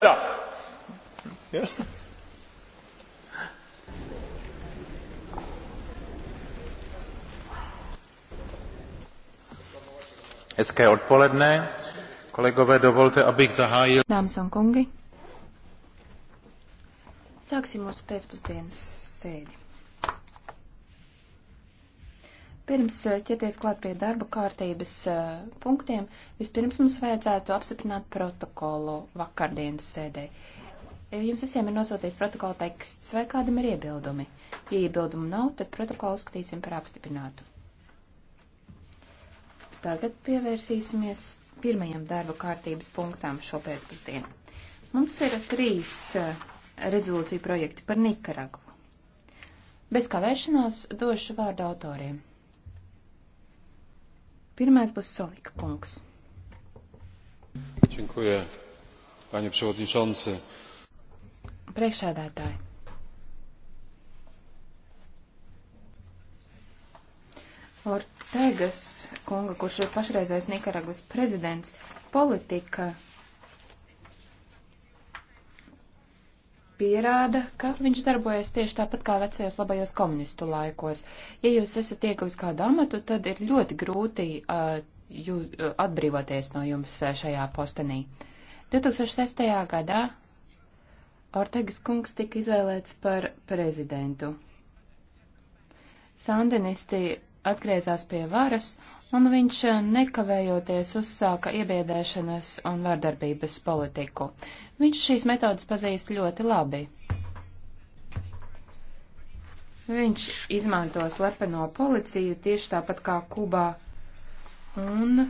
Da. Ja. Hezké odpoledne. Kolegové, dovolte, abych zahájil. Dāmas un kungi, sāksim mūsu pēcpusdienas sēdi. Pirms eh, ķerties klāt pie darba kārtības eh, punktiem, vispirms mums vajadzētu apstiprināt protokolu vakardienas sēdē. Eh, jums visiem ir nosūtīts protokola teksts, vai kādam ir iebildumi? Ja iebildumu nav, tad protokolu uzskatīsim par apstiprinātu. Tagad pievērsīsimies pirmajam darba kārtības punktam šo pēcpusdienu. Mums ir trīs rezolūciju projekti par Nikaragu. Bez kavēšanās došu vārdu autoriem. Pirmais būs Solika kungs. Činkuja, paņu priekšādātāji. Priekšādātāji. Ortegas kunga, kurš ir pašreizais Nikaragvas prezidents, politika pierāda, ka viņš darbojas tieši tāpat kā vecajos labajos komunistu laikos. Ja jūs esat ieguvis kādu amatu, tad ir ļoti grūti uh, jūs, uh, atbrīvoties no jums uh, šajā postenī. 2006. gadā Ortegas kungs tika izvēlēts par prezidentu. Sandinisti atgriezās pie varas un viņš eh, nekavējoties uzsāka iebiedēšanas un vardarbības politiku. Viņš šīs metodas pazīst ļoti labi. Viņš izmanto slepeno policiju tieši tāpat kā Kubā un